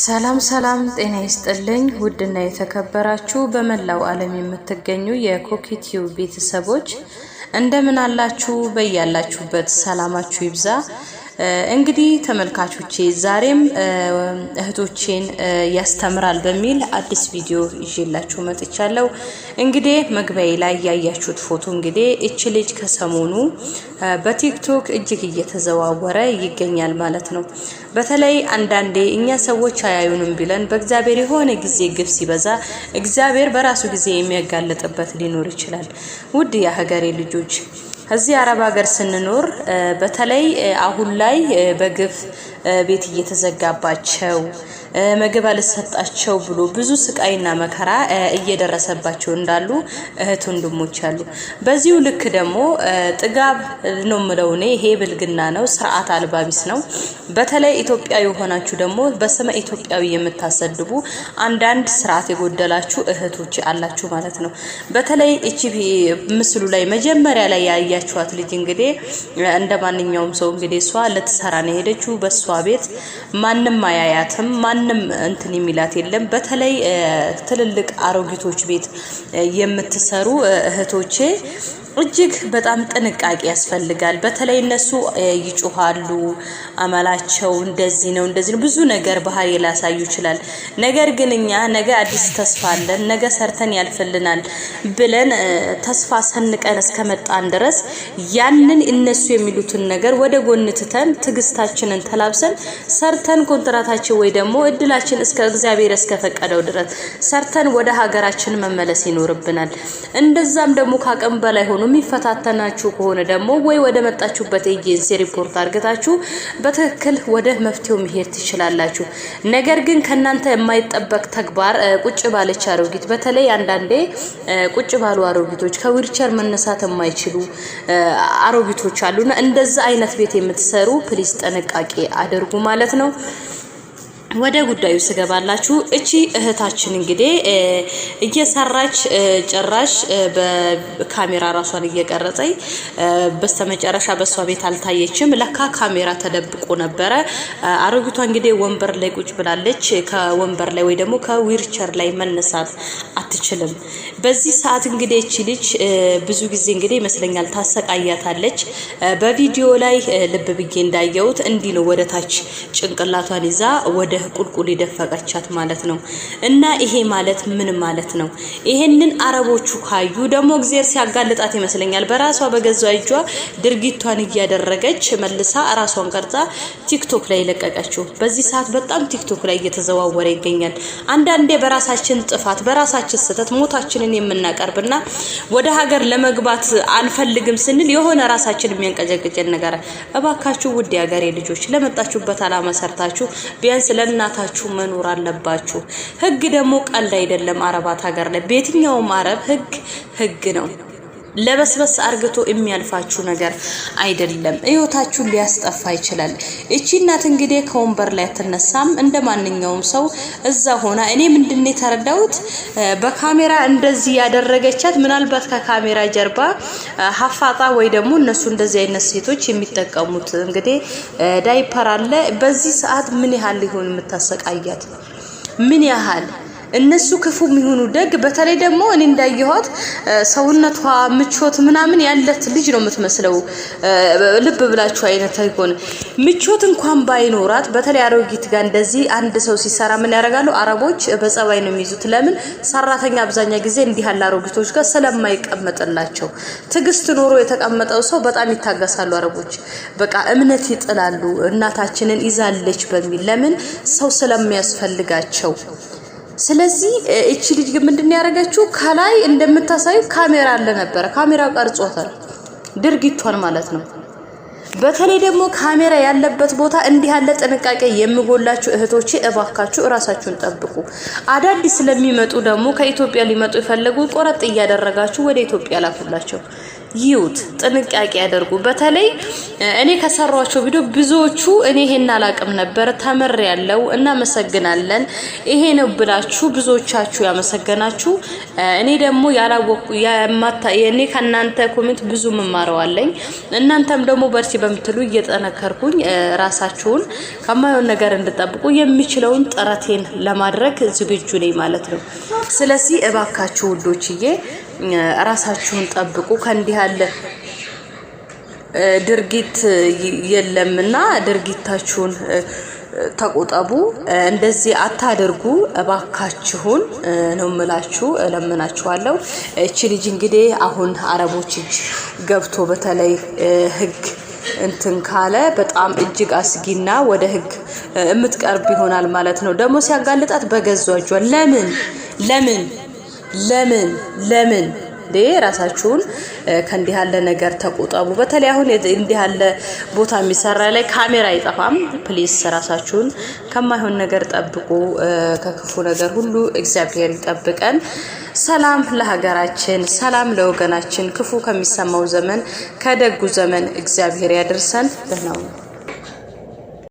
ሰላም ሰላም፣ ጤና ይስጥልኝ ውድና የተከበራችሁ በመላው ዓለም የምትገኙ የኮኬቲው ቤተሰቦች እንደምን አላችሁ? በያላችሁበት ሰላማችሁ ይብዛ። እንግዲህ ተመልካቾቼ ዛሬም እህቶቼን ያስተምራል በሚል አዲስ ቪዲዮ ይዤላችሁ መጥቻለሁ። እንግዲህ መግቢያዬ ላይ ያያችሁት ፎቶ እንግዲህ እች ልጅ ከሰሞኑ በቲክቶክ እጅግ እየተዘዋወረ ይገኛል ማለት ነው። በተለይ አንዳንዴ እኛ ሰዎች አያዩንም ቢለን በእግዚአብሔር የሆነ ጊዜ ግብ ሲበዛ እግዚአብሔር በራሱ ጊዜ የሚያጋልጥበት ሊኖር ይችላል። ውድ የሀገሬ ልጆች እዚህ አረብ ሀገር ስንኖር በተለይ አሁን ላይ በግፍ ቤት እየተዘጋባቸው ምግብ አልሰጣቸው ብሎ ብዙ ስቃይና መከራ እየደረሰባቸው እንዳሉ እህት ወንድሞች አሉ። በዚሁ ልክ ደግሞ ጥጋብ ነው ምለው እኔ ይሄ ብልግና ነው፣ ስርዓት አልባቢስ ነው። በተለይ ኢትዮጵያዊ የሆናችሁ ደግሞ በስመ ኢትዮጵያዊ የምታሰድቡ አንዳንድ ስርዓት የጎደላችሁ እህቶች አላችሁ ማለት ነው። በተለይ እቺ ምስሉ ላይ መጀመሪያ ላይ ያያችኋት ልጅ እንግዲህ እንደ ማንኛውም ሰው እንግዲህ እሷ ልትሰራ ነው የሄደችው። በእሷ ቤት ማንም አያያትም፣ ማንም እንትን የሚላት የለም። በተለይ ትልልቅ አሮጊቶች ቤት የምትሰሩ እህቶቼ እጅግ በጣም ጥንቃቄ ያስፈልጋል። በተለይ እነሱ ይጮሃሉ አመላቸው እንደዚህ ነው እንደዚህ ነው ብዙ ነገር ባህሪ ላሳዩ ይችላል። ነገር ግን እኛ ነገ አዲስ ተስፋ አለን፣ ነገ ሰርተን ያልፍልናል ብለን ተስፋ ሰንቀን እስከመጣን ድረስ ያንን እነሱ የሚሉትን ነገር ወደ ጎን ትተን ትግስታችንን ተላብሰን ሰርተን ኮንትራታችን ወይ ደግሞ እድላችን እስከ እግዚአብሔር እስከፈቀደው ድረስ ሰርተን ወደ ሀገራችን መመለስ ይኖርብናል። እንደዛም ደግሞ ካቅም በላይ ሆኖ ነው። የሚፈታተናችሁ ከሆነ ደግሞ ወይ ወደ መጣችሁበት ኤጀንሲ ሪፖርት አድርገታችሁ በትክክል ወደ መፍትሄው መሄድ ትችላላችሁ። ነገር ግን ከእናንተ የማይጠበቅ ተግባር ቁጭ ባለች አሮጊት፣ በተለይ አንዳንዴ ቁጭ ባሉ አሮጊቶች ከዊልቸር መነሳት የማይችሉ አሮጊቶች አሉና እንደዛ አይነት ቤት የምትሰሩ ፕሊዝ ጥንቃቄ አድርጉ ማለት ነው። ወደ ጉዳዩ ስገባላችሁ እቺ እህታችን እንግዲህ እየሰራች ጭራሽ በካሜራ ራሷን እየቀረጸኝ በስተመጨረሻ በእሷ ቤት አልታየችም። ለካ ካሜራ ተደብቆ ነበረ። አሮጊቷ እንግዲህ ወንበር ላይ ቁጭ ብላለች። ከወንበር ላይ ወይ ደግሞ ከዊርቸር ላይ መነሳት አትችልም። በዚህ ሰዓት እንግዲህ እቺ ልጅ ብዙ ጊዜ እንግዲህ ይመስለኛል ታሰቃያታለች። በቪዲዮ ላይ ልብ ብዬ እንዳየሁት እንዲህ ነው ወደ ታች ጭንቅላቷን ይዛ ወደ ቁልቁል የደፈቀቻት ማለት ነው። እና ይሄ ማለት ምን ማለት ነው? ይሄንን አረቦቹ ካዩ ደግሞ እግዜር ሲያጋልጣት ይመስለኛል። በራሷ በገዛ እጇ ድርጊቷን እያደረገች መልሳ ራሷን ቀርጻ ቲክቶክ ላይ ለቀቀችው። በዚህ ሰዓት በጣም ቲክቶክ ላይ እየተዘዋወረ ይገኛል። አንዳንዴ በራሳችን ጥፋት በራሳችን ስህተት ሞታችንን የምናቀርብና ወደ ሀገር ለመግባት አንፈልግም ስንል የሆነ ራሳችን የሚያንቀጨቅጨን ነገር እባካችሁ ውድ የሀገሬ ልጆች ለመጣችሁበት አላማ ሰርታችሁ ቢያንስ ለ በእናታችሁ መኖር አለባችሁ። ህግ ደግሞ ቀልድ አይደለም። አረባት ሀገር ላይ በየትኛውም አረብ ህግ ህግ ነው። ለበስበስ አርግቶ የሚያልፋችሁ ነገር አይደለም። ህይወታችሁን ሊያስጠፋ ይችላል። እቺ እናት እንግዲህ ከወንበር ላይ አትነሳም። እንደ ማንኛውም ሰው እዛ ሆና እኔ ምንድን የተረዳሁት በካሜራ እንደዚህ ያደረገቻት ምናልባት ከካሜራ ጀርባ ሀፋጣ ወይ ደግሞ እነሱ እንደዚህ አይነት ሴቶች የሚጠቀሙት እንግዲህ ዳይፐር አለ። በዚህ ሰዓት ምን ያህል ሊሆን የምታሰቃያት ምን ያህል እነሱ ክፉ የሚሆኑ ደግ፣ በተለይ ደግሞ እኔ እንዳየኋት ሰውነቷ ምቾት ምናምን ያለት ልጅ ነው የምትመስለው። ልብ ብላችሁ አይነት ይሆን ምቾት እንኳን ባይኖራት፣ በተለይ አሮጊት ጋር እንደዚህ አንድ ሰው ሲሰራ ምን ያደርጋሉ አረቦች? በጸባይ ነው የሚይዙት። ለምን ሰራተኛ አብዛኛ ጊዜ እንዲህ ያለ አሮጊቶች ጋር ስለማይቀመጥላቸው፣ ትግስት ኖሮ የተቀመጠው ሰው በጣም ይታገሳሉ አረቦች። በቃ እምነት ይጥላሉ እናታችንን ይዛለች በሚል ለምን ሰው ስለሚያስፈልጋቸው ስለዚህ እቺ ልጅ ምንድን ያደረገችው ከላይ እንደምታሳዩ ካሜራ አለ ነበረ። ካሜራ ቀርጾታል ድርጊቷን ማለት ነው። በተለይ ደግሞ ካሜራ ያለበት ቦታ እንዲህ ያለ ጥንቃቄ የሚጎላችሁ እህቶቼ እባካችሁ እራሳችሁን ጠብቁ። አዳዲስ ስለሚመጡ ደግሞ ከኢትዮጵያ ሊመጡ የፈለጉ ቆረጥ እያደረጋችሁ ወደ ኢትዮጵያ ላኩላቸው። ይዩት፣ ጥንቃቄ ያደርጉ። በተለይ እኔ ከሰሯቸው ቪዲዮ ብዙዎቹ እኔ ይሄን አላቅም ነበር ተምር ያለው እናመሰግናለን፣ ይሄ ነው ብላችሁ ብዙዎቻችሁ ያመሰገናችሁ፣ እኔ ደግሞ ያላወቅኩ እኔ ከእናንተ ኮሜንት ብዙ ምማረዋለኝ። እናንተም ደግሞ በርሲ በምትሉ እየጠነከርኩኝ ራሳችሁን ከማየውን ነገር እንድጠብቁ የሚችለውን ጥረቴን ለማድረግ ዝግጁ ነኝ ማለት ነው። ስለዚህ እባካችሁ ውዶችዬ ራሳችሁን ጠብቁ። ከእንዲህ ያለ ድርጊት የለምና ድርጊታችሁን ተቆጠቡ። እንደዚህ አታደርጉ እባካችሁን ነው ምላችሁ፣ እለምናችኋለሁ። እቺ ልጅ እንግዲህ አሁን አረቦች እጅ ገብቶ በተለይ ህግ እንትን ካለ በጣም እጅግ አስጊና ወደ ህግ የምትቀርብ ይሆናል ማለት ነው። ደግሞ ሲያጋልጣት በገዛ እጇ ለምን ለምን ለምን ለምን እንዴ ራሳችሁን ከእንዲህ ያለ ነገር ተቆጠቡ። በተለይ አሁን እንዲህ ያለ ቦታ የሚሰራ ላይ ካሜራ አይጠፋም። ፕሊስ ራሳችሁን ከማይሆን ነገር ጠብቁ። ከክፉ ነገር ሁሉ እግዚአብሔር ይጠብቀን። ሰላም ለሀገራችን፣ ሰላም ለወገናችን። ክፉ ከሚሰማው ዘመን ከደጉ ዘመን እግዚአብሔር ያደርሰን። ደህናው